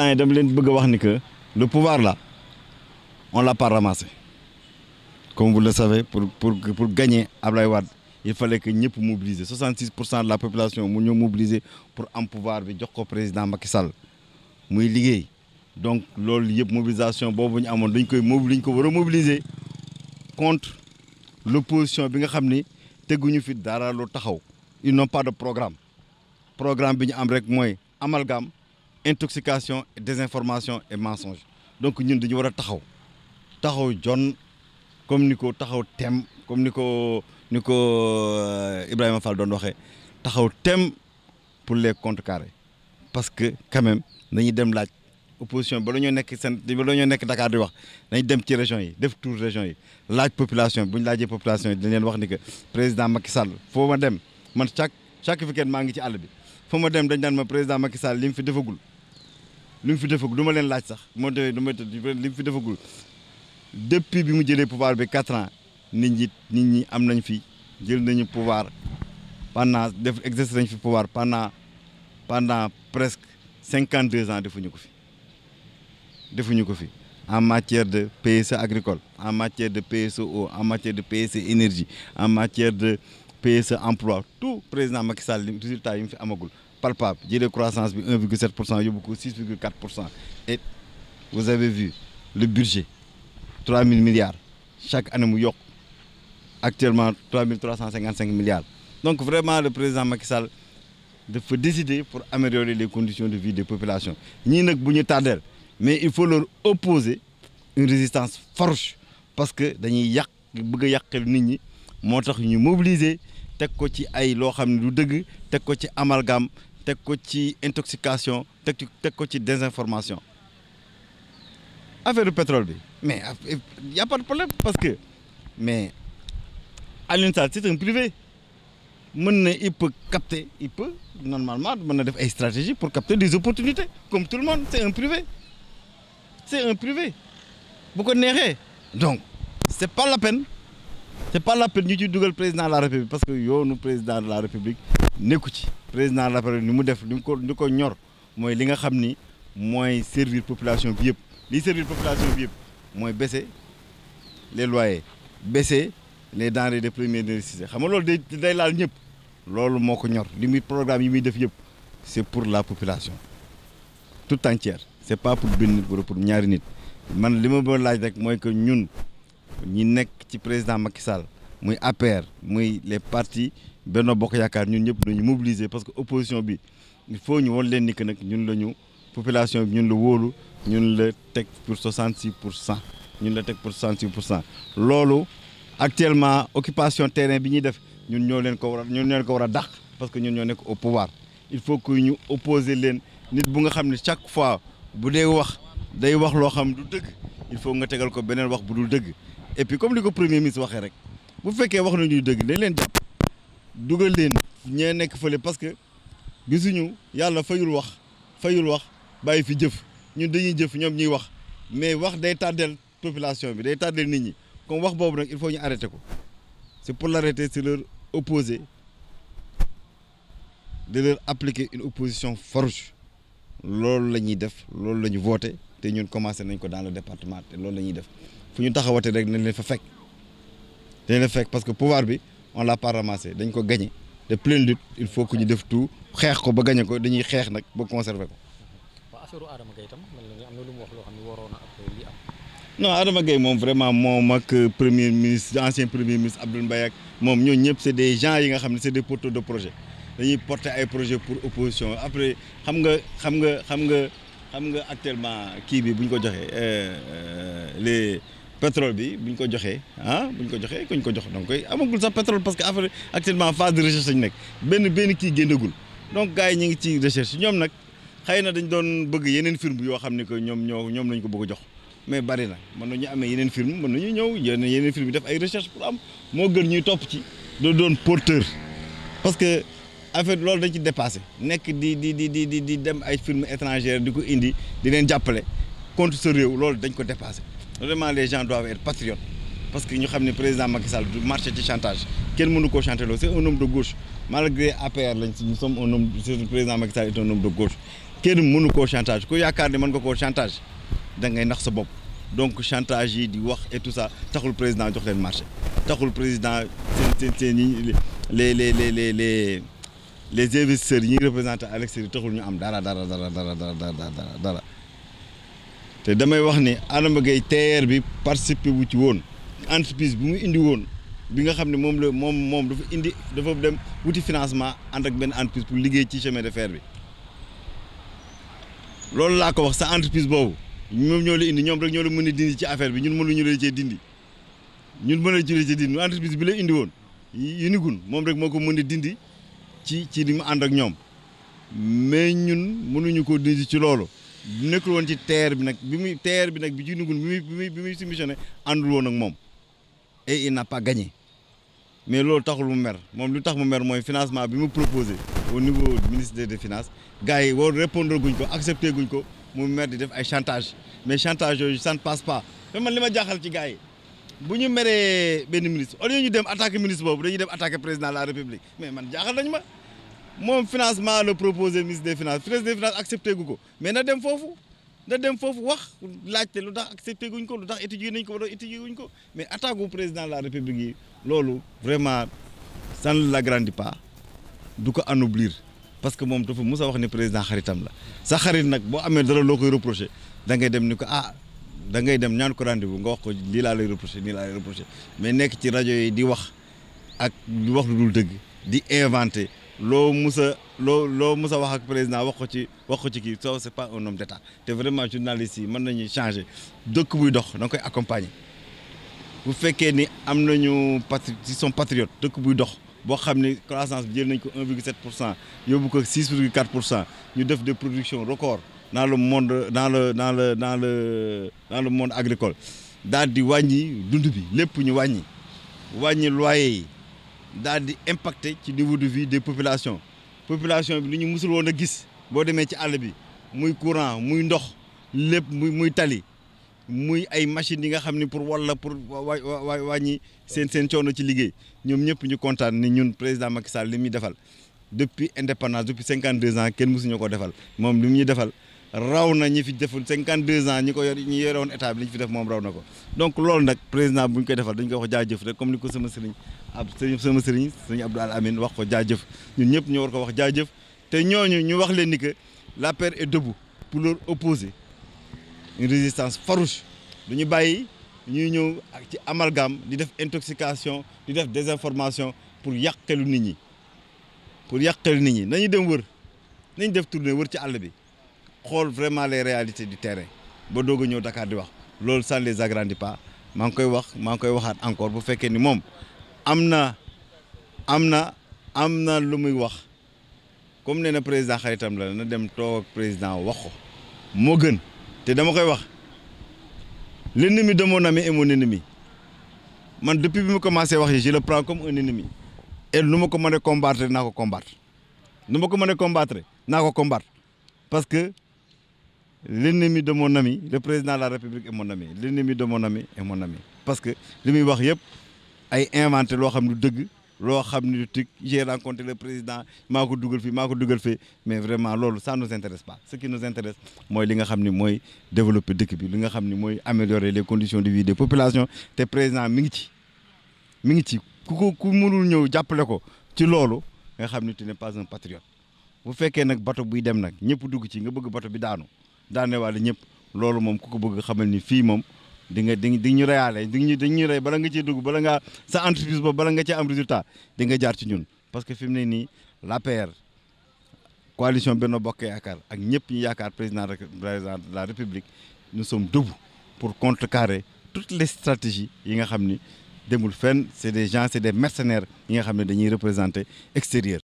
temps yi dama leen bëgg a wax ni que le pouvoir là on l'a pas ramassé comme vous le savez pour pour pour gagner Ablaye Wade il fallait que ñëpp mobiliser 66 pour cent de la population mu ñoo mobiliser pour am pouvoir bi jox ko président Macky Sall muy liggéey donc loolu yëpp mobilisation boobu ñu amoon dañ koy mobil dañ ko war a mobiliser contre l'opposition bi nga xam ni teguñu fi dara lu taxaw ils n'ont pas de programme programme bi ñu am rek mooy amalgame intoxication désinformation et mensonge donc ñun dañu war a taxaw taxaw jon comme ni ko taxaw tem comme ni ko ni ko euh, Ibrahima Fall doon waxee taxaw tem pour les contrecarrer parce que quand même nañu dem laaj opposition ba la ñoo nekk seen ba la ñoo nekk Dakar di wax nañ dem ci région yi def tour région yi laaj population bu ñu laajee population yi dañ leen wax ni que président Macky Sall foo ma dem man chaque chaque weekend maa ngi ci àll bi foo ma dem dañ naan ma président Macky Sall li mu fi defagul li fi defagul du ma leen laaj sax moo tax du ma li mu fi defagul depuis bi mu jëlee pouvoir bi quatre ans nit ñi nit ñi am nañ fi jël nañu pouvoir pendant def exercer nañ fi pouvoir pendant pendant presque cinquante deux ans defuñu ko fi defuñu ko fi en matière de PSE agricole en matière de PSE eau en matière de PSE énergie en matière de PSE emploi tout président Macky Sall résultat yi mu fi amagul palpable jëlee croissance bi 1,7 pour cent yóbbu ko 6,4 pour cent et vous avez vu le budget mille milliards chaque année mu yokk actuellement 3355 milliards donc vraiment le président Macky Sall fa décider pour améliorer les conditions de vie des populations ñii nag bu ñu tardeel mais il faut leur opposer une résistance farouche parce que dañuy yàq bëgg a yàqal nit ñi moo tax ñu mobiliser teg ko ci ay loo xam ne du dëgg teg ko ci amalgame teg ko ci intoxication teg teg ko ci désinformation affaire pétrole bi mais y' a pas de problème parce que mais Alioune Sall c'est un privé mën na il peut capter il peut normalement mën na def ay stratégie pour capter des opportunités comme tout le monde c' est un privé c' un privé bu ko neexee donc c' est pas la peine c' est pas la peine ñu ci dugal président de la république parce que yoonu président de la république nekku ci président de la République ni mu def li mu ko li ko ñor mooy li nga xam ni mooy servir population bi yëpp liy servir population bi yëpp mooy baisser les loyers baisser les denrées de premier nécessité xam nga loolu day day laal ñëpp loolu moo ko ñor li muy programme yi muy def yëpp c'est pour la population tout entière c'est pas pour benn nit pour ñaari nit man li ma ba laaj rek mooy que ñun ñi nekk ci président Macky Sall muy APR muy les parti Benno Bokk Yaakaar ñun ñëpp ñu mobiliser parce que opposition bi il faut ñu won leen ni que nag ñun la ñu population bi ñun la wóolu ñun la teg pour 66 pour cent ñun la teg pour 66 pour cent loolu actuellement occupation terrain bi ñuy def ñun ñoo leen ko war a ñun ñoo leen ko war a dàq parce que ñun ñoo nekk au pouvoir il faut que ñu opposer leen nit bu nga xam ne chaque fois bu dee wax day wax loo xam du dëgg il faut nga tegal ko beneen wax bu dul dëgg et puis comme li ko premier ministre waxee rek bu fekkee wax nañuy dugal leen ñee nekk fële parce que gisuñu yàlla fayul wax fayul wax bàyyi fi jëf ñun dañuy jëf ñoom ñuy wax mais wax day tàddeel population bi day tàddeel nit ñi comme wax boobu nag il faut ñu arrêter ko c'est pour l'arrêter si leur opposer de leur appliquer une opposition farouche loolu la ñuy def loolu la ñu voté te ñun commencé nañ ko dans le département loolu lañuy def fu ñu taxawatee rek nañ leen fa fekk fekk parce que pouvoir bi on l'a pas ramassé dañ ko gagné de pleine lutte il faut que ñu def tout xeex ko ba gagné ko dañuy xeex nag ba conserver ko. waaw affaire Adama Gaye tam mel na am na lu mu wax loo xam ne waroon na ak li am. non Adama Gaye moom vraiment moom ak euh, premier ministre ancien premier ministre Abdoul Mbaye moom ñooñu ñëpp c'est des gens yi nga xam ne c'est des porteurs de projet dañuy porter ay projet pour opposition après xam nga xam nga xam nga xam nga actuellement kii bi bu ñu ko joxee euh, euh, les. pétrole bi bu ñu ko joxee ah bu ñu ko joxee ku ñu ko jox donc amagul sax pétrole parce que affaire actuellement phase de recherche lañu nekk benn kii génnagul donc gars yi ñu ngi ci recherche ñoom nag xëy na dañ doon bëgg yeneen firme yoo xam ne que ñoom ñoo ñoom lañ ko bëgg jox mais bari na mën nañu amee yeneen firme mën nañu ñëw yeneen firme def ay recherche pour am moo gën ñuy topp ci doo doon porteur parce que affaire loolu dañ ci dépassé nekk di di di di di dem firme étrangère di ko indi di jàppale contre sa réew ko dépassé vraiment les gens doivent être patriotes parce que ñu xam ne président Macky Sall du marché ci chantage kenn mënu koo chanter loolu c'est un homme de gauche malgré APR lañ si nous sommes un homme le président Macky Sall un homme de gauche kenn mënu koo chantage ku yaakaar ne mën koo chantage da nax sa bopp donc chantage yi di wax et tout ça taxul président jox leen marché taxul président seen seen seen les les les les les les investisseurs yi ñu représenté à l'extérieur ñu am dara dara dara dara te damay wax ne Adama Gaye TER bi participer wu ci woon entreprise bi mu indi woon bi nga xam ne moom la moom moom dafa indi dafa dem wuti financement ànd ak benn entreprise pour liggéey ci chemin de fer bi loolu laa ko wax sa entreprise boobu ñoom ñoo la indi ñoom rek ñoo la mën a dindi ci affaire bi ñun mënuñu la cee dindi ñun mën la cee dindi entreprise bi la indi woon yu nigun moom rek moo ko mën a dindi ci ci li mu ànd ak ñoom mais ñun mënuñu ko dindi ci loolu. nekkul woon ci terre bi nag bi muy terre bi nag bi ci nugun bi muy bi muy soumissionné àndul woon nag moom et il n'a pas gagné mais loolu taxul mu mer moom lu tax mu mer mooy financement bi mu proposé au niveau ministère des finances gars yi war répondre guñ ko accepté guñ ko mu mer di def ay chantage mais chantage yooyu ça ne passe pas mais man li ma jaaxal ci gars bu ñu meree benn ministre au lieu ñu dem attaquer ministre boobu dañuy dem attaquer président la république mais man jaaxal nañ ma moom financement la proposé ministre des finances ministre des finances accepté gu ko mais na dem foofu na dem foofu wax laajte lu tax accepté guñ ko lu tax étudier nañ ko wala wuñ ko mais attaque gu président de la république yi loolu vraiment ça ne l'agrandit pas du ko anoblir parce que moom dafa mus a wax ne président xaritam la sa xarit nag boo amee dara loo koy reproché da ngay dem ni ko ah da ngay dem ñaan ko rendez-vous nga wax ko lii laa lay reproché nii laa lay mais nekk ci rajo yi di wax ak wax lu dul dëgg di inventé loo mus a loo loo mus a wax ak président wax ko ci wax ko ci kii soo c'est pas un homme d'état te vraiment journaliste yi mën nañuy changé dëkk buy dox da nga koy accompagner bu fekkee ni am nañu patri ci son patriote dëkk buy dox boo xam ne croissance bi jël nañ ko un 1,7 pour cent yóbbu ko 6,4 pour cent ñu def des productions record dans le monde dans le dans le dans le dans le monde agricole daal di wàññi dund bi lépp ñu wàññi wàññi loyer daal di impacter ci niveau de vie des population population bi lu ñu musul woon a gis boo demee ci àll bi muy courant muy ndox lépp muy muy tali muy ay machines yi nga xam ne pour walla pour wa wàññi seen seen coono ci liggéey ñoom ñëpp ñu kontaan ni ñun président Macky Sall li muy defal depuis indépendance depuis cinquante deux ans kenn musuñu ko defal moom li mu ñuy defal raw na ñi fi deful yor ñi yore woon état bi li ñu fi def moom raw na ko donc loolu nag président bu ñu koy defal ab sëriñ sama sëriñ sëriñ Abdou Al Amin wax ko jaajëf ñun ñëpp ñu war ko wax jaajëf te ñooñu ñu wax leen ni que la paix est debout pour leur opposer une résistance farouche du ñu bàyyi ñuy ñëw ak ci amalgame di def intoxication di def désinformation pour yàqelu nit ñi pour yàqelu nit ñi nañu dem wër nañu def tournée wër ci àll bi xool vraiment les réalité du terrain ba doog a ñëw dakaar di wax loolu ça ne les agrandit pas maa koy wax maa ngi koy waxaat encore bu fekkee ni moom am na am na am na lu muy wax comme nee na président xaritam la na dem toog ak président wax ko moo gën te dama koy wax l'ennemi de na ami est mon ennemi man depuis bi mu commencé wax yi je le prends comme un ennemi et nu ko mën a combattre naa ko combattre nu ma ko mën a combattre naa ko combattre parce que l'ennemi de mon ami le président la république est mon ami l'ennemi de mon ami est mon ami parce que li muy wax yëpp ay inventé loo xam ne du dëgg loo xam ne du président maa ko dugal fii maa ko dugal fii mais vraiment loolu ça nous intéresse pas ce qui nous intéresse mooy li nga xam ni mooy développer dëkk bi li nga xam ni mooy améliorer les conditions de vie des populations te président mi ngi ci mi ngi ci ku ko ku mënul ñëw jàppale ko ci loolu nga xam ne tu n'es pas un patriote bu fekkee nag bato buy dem nag ñëpp dugg ci nga bëgg bato bi daanu daane waale ñëpp loolu moom ku ko bëgg xamal fii moom di nga di di ñu reyaale di ñu rey bala nga ciy dugg bala nga sa entreprise boobu bala nga ci am résultat di nga jaar ci ñun parce que fi mu ne nii l'APR coalition Benno Bokk Yaakaar ak ñëpp ñu yaakaar président président de la République nous sommes debout pour contrecarrer toutes les stratégies yi nga xam ni demul fenn c'est des gens c'est des mercenaires yi nga xam ne dañuy représenté extérieur